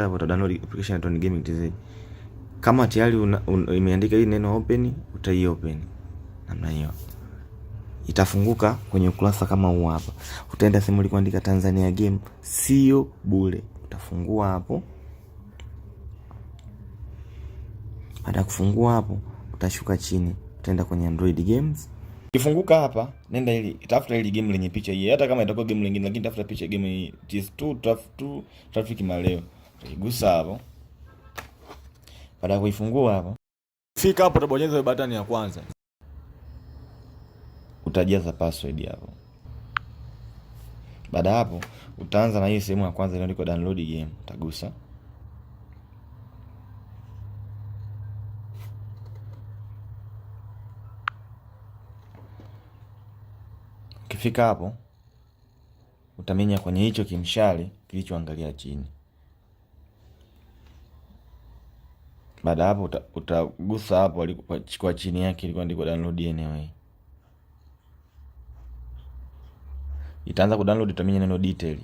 Hapo uta download application ya Tony Gaming TZ. Kama tayari imeandika hii neno open, utai open namna hiyo, itafunguka kwenye ukurasa kama huu hapa. Utaenda sehemu ulikoandika Tanzania game, sio bure, utafungua hapo. Baada kufungua hapo, utashuka chini, utaenda kwenye Android games. Kifunguka hapa, nenda ili tafuta ili game lenye picha hii, hata kama itakuwa game lingine, lakini tafuta picha game hii TS2 traffic maleo Ukigusa hapo, baada ya kuifungua hapo, fika hapo, utabonyeza hiyo button ya kwanza, utajaza password hapo. Baada hapo, utaanza na hii sehemu ya kwanza inayoandikwa download game, utagusa Ukifika hapo utaminya kwenye hicho kimshale kilichoangalia chini. Baada hapo uta, utagusa hapo alikuwa chini yake ilikuwa ndiko download anyway. Itaanza download utaminya neno detail.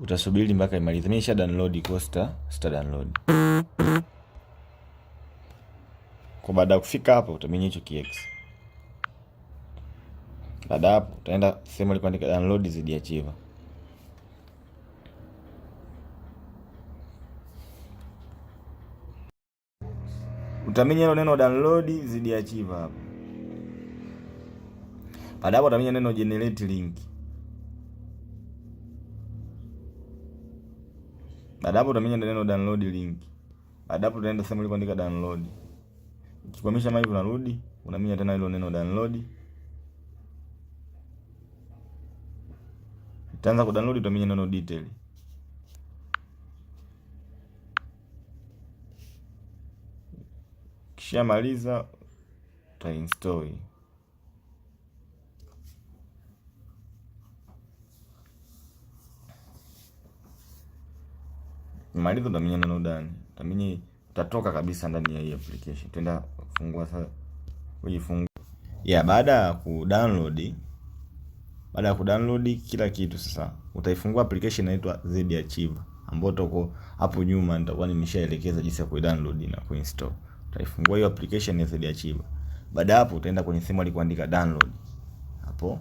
Utasubiri mpaka imalize. Mimi nisha download kwa sita, sita download. Kwa baada ya kufika hapo utaminya hicho kiex. Baada hapo utaenda sehemu ilikuwa ndiko download zidiachiva. utaminya hilo neno download, zidi achieve hapo. Baada hapo utaminya neno generate link. Baada hapo utaminya neno download link. Baada hapo utaenda sehemu ile andika download. Ukikwamisha maji unarudi, unaminya tena hilo neno download. Utaanza kudownload utaminya neno detail. Ukishamaliza utainstall. Maliza utaminya neno ndani, utaminya utatoka kabisa ndani ya hii application. Tenda fungua sasa, uifungua yeah. Baada ya kudownload, baada ya kudownload kila kitu, sasa utaifungua application inaitwa Z Archive ambayo toko hapo nyuma nitakuwa nimeshaelekeza jinsi ya kuidownload na kuinstall. Utaifungua hiyo application ya Zedia Chiba. Baada hapo utaenda kwenye simu alikuandika download. Hapo.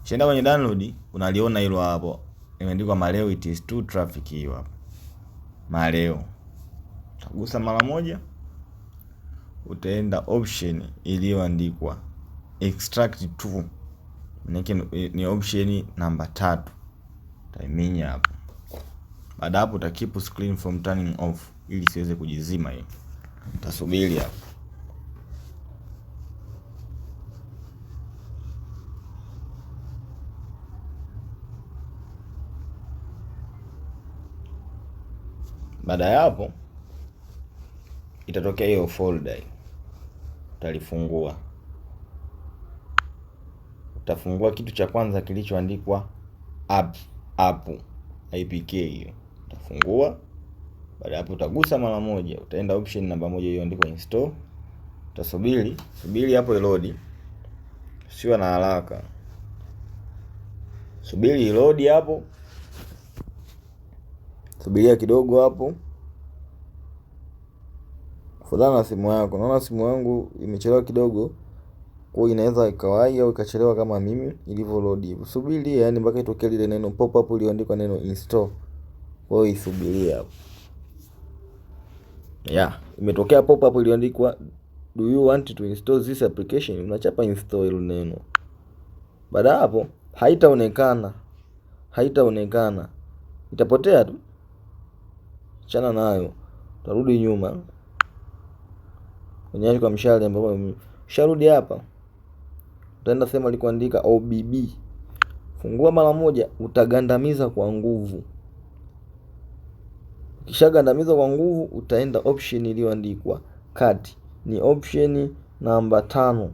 Ukishaenda kwenye download unaliona hilo hapo. Imeandikwa Maleo it is too traffic hiyo hapo. Maleo. Utagusa mara moja. Utaenda option iliyoandikwa extract to. Niki ni option namba tatu. Utaiminya hapo. Baada hapo utakipu screen from turning off ili siweze kujizima hiyo tasubiri hapo. Baada ya hapo itatokea hiyo folder, utalifungua. Utafungua kitu cha kwanza kilichoandikwa app app, apk hiyo utafungua. Baada hapo utagusa mara moja, utaenda option namba moja hiyo iliyoandikwa install. Utasubiri, subiri hapo ilodi. Usiwe na haraka. Subiri ilodi hapo. Subiria kidogo hapo. Fadhana na simu yako. Naona simu yangu imechelewa kidogo. Kwa hiyo inaweza ikawai au ikachelewa kama mimi ilivyo load hivyo. Subiri yani mpaka itokee lile neno pop up iliyoandikwa neno install. Kwa hiyo isubirie hapo yeah, imetokea pop up iliandikwa do you want to install this application, unachapa install hilo neno. Baada hapo haitaonekana, haitaonekana, itapotea tu, chana nayo, utarudi nyuma kwenye kwa mshale ambapo usharudi hapa, utaenda sehemu alikuandika OBB, fungua mara moja, utagandamiza kwa nguvu. Ukishagandamiza kwa nguvu utaenda option iliyoandikwa cut, ni option namba tano.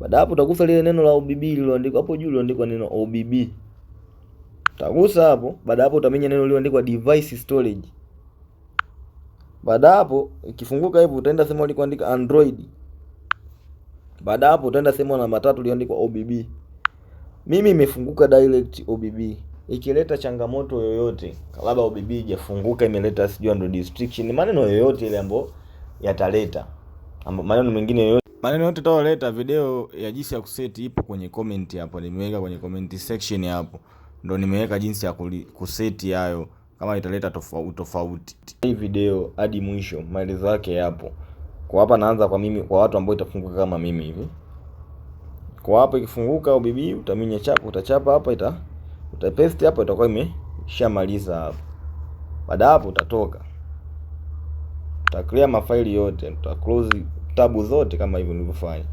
Baada hapo utagusa lile neno la OBB lililoandikwa hapo juu, lililoandikwa neno OBB utagusa hapo. Baada hapo utamenya neno lililoandikwa device storage. Baada hapo ikifunguka hivyo utaenda sehemu ilikoandika Android. Baada hapo utaenda sehemu namba tatu iliyoandikwa OBB. Mimi imefunguka direct OBB ikileta changamoto yoyote, labda OBB ijafunguka imeleta sijua ndo distriction, maneno yoyote ile ambayo yataleta maneno mengine yoyote maneno yote utayoleta, video ya jinsi ya kuseti ipo kwenye comment hapo, nimeweka kwenye comment section hapo, ndo nimeweka jinsi ya kuseti hayo, kama italeta tofauti tofauti. Hii video hadi mwisho, maelezo yake yapo kwa hapa. Naanza kwa mimi, kwa watu ambao itafunguka kama mimi hivi, kwa hapa ikifunguka OBB, utaminya chapa, utachapa hapa ita utapaste hapo, itakuwa imeshamaliza hapo. Baada hapo utatoka, uta clear mafaili yote, uta close tabu zote kama hivyo nilivyofanya.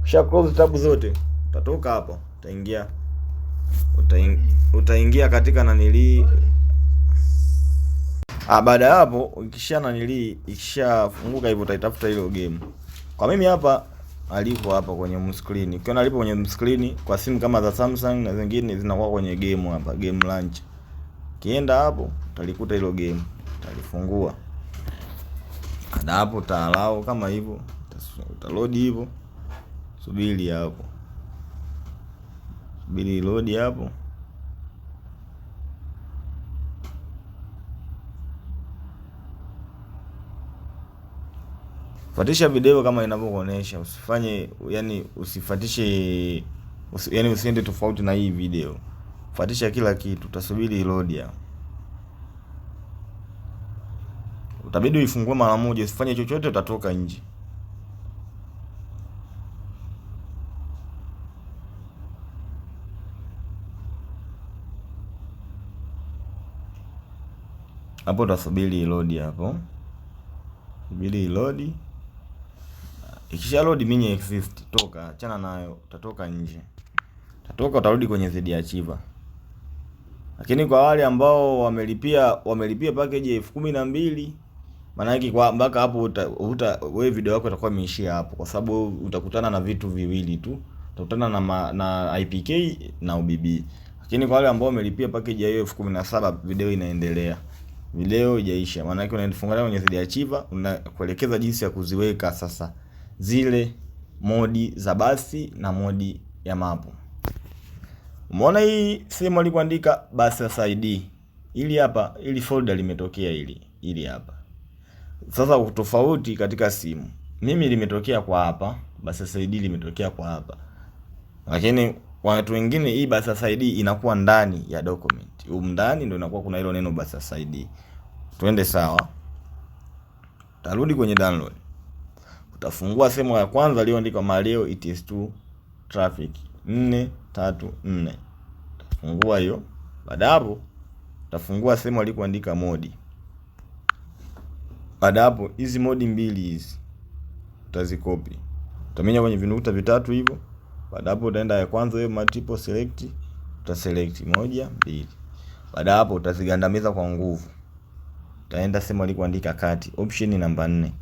Ukisha close tabu zote utatoka hapo, utaingia utaingia katika nanili ah. Baada ya hapo, ikisha nanili ikishafunguka hivyo, utaitafuta hilo game. Kwa mimi hapa alipo hapa kwenye mskrini. Ukiona alipo kwenye mskrini kwa simu kama za Samsung na zingine zinakuwa kwenye game hapa, game launch. Kienda hapo utalikuta hilo game, utalifungua. Na hapo utaalao kama hivyo, utalodi hivyo. Subiri hapo. Subiri load hapo. Fatisha video kama inavyokuonesha, usifanye yani, usifatishe usi, yani usiende tofauti na hii video. Fatisha kila kitu, utasubiri load ya utabidi uifungue mara moja, usifanye chochote, utatoka nje. Hapo utasubiri load hapo, subiri load. Ikisha load mini exist, toka, achana nayo, utatoka nje. Utatoka utarudi kwenye ZD Archiver. Lakini kwa wale ambao wamelipia wamelipia package elfu kumi na mbili maana yake kwa mpaka hapo uta wewe video yako itakuwa imeishia hapo, kwa sababu utakutana na vitu viwili tu, utakutana na ma, na IPK na UBB. Lakini kwa wale ambao wamelipia package ya hiyo elfu kumi na saba video inaendelea, video haijaisha. Maana yake unaenda kwenye ZD Archiver, unakuelekeza jinsi ya kuziweka sasa zile modi za basi na modi ya mapu. Umeona hii sehemu alikuandika bus ID. Ili hapa ili folder limetokea ili ili hapa. Sasa utofauti katika simu. Mimi limetokea kwa hapa, bus ID limetokea kwa hapa. Lakini kwa watu wengine hii bus ID inakuwa ndani ya document. Huko ndani ndio inakuwa kuna hilo neno bus ID. Tuende sawa. Tarudi kwenye download. Tafungua sehemu ya kwanza iliyoandikwa Mario it is to traffic 434 3 Tafungua hiyo. Baada hapo tafungua sehemu alikoandika modi. Baada hapo hizi modi mbili hizi utazikopi. Utaminya kwenye vinukta vitatu hivyo. Baada hapo utaenda ya kwanza hiyo multiple select utaselect moja, mbili. Baada hapo utazigandamiza kwa nguvu. Utaenda sehemu alikoandika kati option namba nne.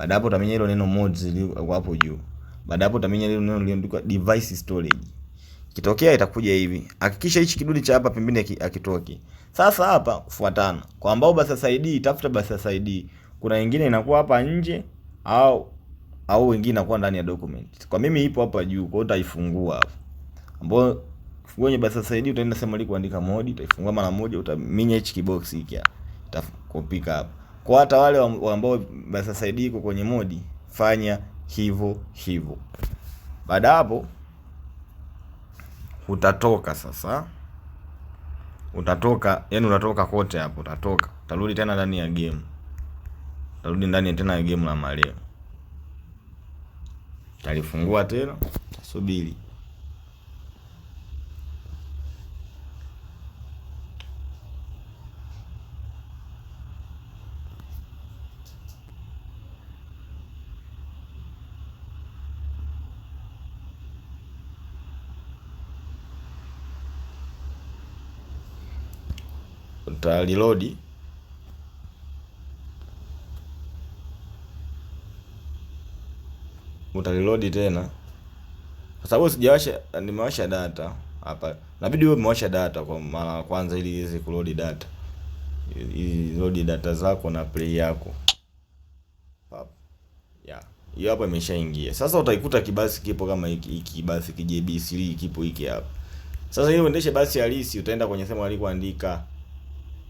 Baada hapo utamenya hilo neno mods liko hapo juu. Baada hapo utamenya hilo neno lililoandikwa device storage. Kitokea itakuja hivi. Hakikisha hichi kidude cha hapa pembeni akitoki. Sasa hapa fuatana. Kwa ambao basa ID tafuta basa ID. Kuna wengine inakuwa hapa nje au au wengine inakuwa ndani ya document. Kwa mimi ipo hapa juu, kwa hiyo utaifungua hapo. Ambao fungue basa ID utaenda sema liko andika modi, utaifungua mara moja, utaminya hichi kibox hiki hapa. Itakopika hapa. Kwa hata wale ambao sasa iko kwenye modi, fanya hivyo hivyo. Baada hapo utatoka sasa, utatoka yani, utatoka kote hapo, utatoka utarudi tena ndani ya game, utarudi ndani tena ya game la maleo, utalifungua tena, subiri. nita reload uta reload tena, kwa sababu sijawasha, nimewasha data hapa, nabidi wewe umewasha data kwa mara ya kwanza, ili iweze kuload data, ili load data zako na play yako hapo yeah. Hiyo hapa imeshaingia. Sasa utaikuta kibasi kipo kama hiki hiki kibasi kijb3 kipo hiki hapa. Sasa ili uendeshe basi halisi utaenda kwenye sehemu alikoandika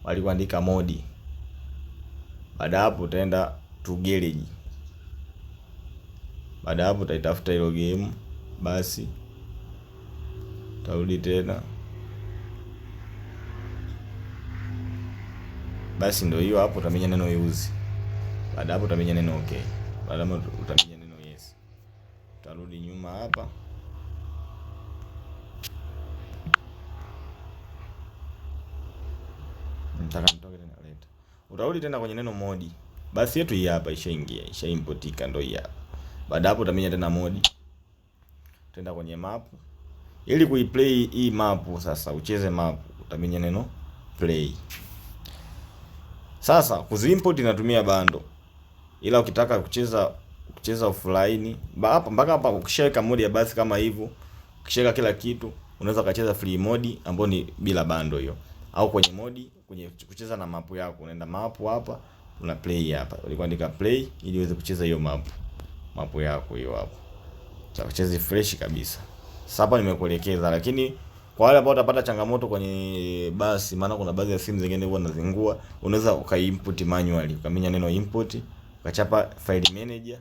walikuandika modi. Baada hapo utaenda to garage. Baada hapo utaitafuta hilo game, basi utarudi tena, basi ndio hiyo hapo. Utamenya neno use, baada hapo utamenya neno okay, baada hapo utamenya neno yes, utarudi nyuma hapa. mtaka mtoke tena leta. Utarudi tena kwenye neno modi. Basi yetu hii hapa ishaingia, ishaimportika ndio hii hapa. Baada hapo utamenya tena modi. Tenda kwenye map. Ili kuiplay hii map sasa ucheze map utamenya neno play. Sasa kuziimport inatumia bando. Ila ukitaka kucheza kucheza offline hapa mpaka hapa ukishaweka modi ya basi kama hivyo, ukishaweka kila kitu unaweza kucheza free modi ambayo ni bila bando hiyo au kwenye modi kwenye kucheza na mapu yako, unaenda mapu hapa, una play hapa, ulikuwa andika play ili uweze kucheza hiyo mapu mapu yako hiyo hapo, utakucheza fresh kabisa. Sasa hapa nimekuelekeza, lakini kwa wale ambao utapata changamoto kwenye basi, maana kuna baadhi ya simu zingine huwa nazingua, unaweza ukaimport manually, ukaminya neno import, ukachapa file manager,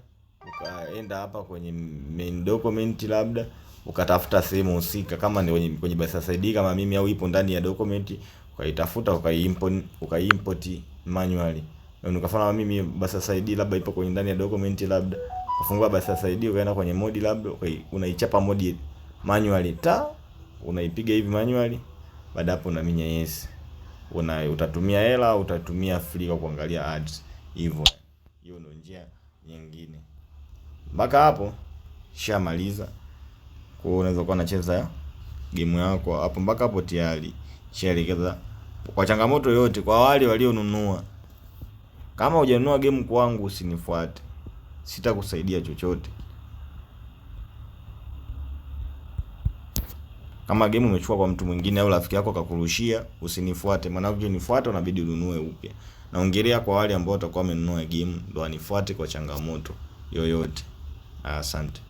ukaenda hapa kwenye main document labda ukatafuta sehemu husika, kama ni kwenye Basa ID kama mimi, au ipo ndani ya document ukaitafuta ukaiimport, ukaiimport manually. Na ukafanya mimi Basa ID labda ipo kwenye ndani ya document, labda ukafungua Basa ID ukaenda kwenye modi, labda unaichapa modi manually, ta unaipiga hivi manually, baada hapo unaminya yes, una utatumia hela, utatumia free kwa kuangalia ads hivyo. Hiyo ndio njia nyingine. Mpaka hapo shamaliza. Kwa hiyo unaweza kuwa unacheza game yako hapo mpaka hapo tayari. Nishaelekeza kwa changamoto yote kwa wale walionunua. Kama hujanunua game kwangu usinifuate. Sitakusaidia chochote. Kama game umechukua kwa mtu mwingine au rafiki yako akakurushia, usinifuate. Maana ukinifuata unabidi ununue upya. Naongelea kwa wale ambao watakuwa wamenunua game ndo wanifuate kwa changamoto yoyote. Asante.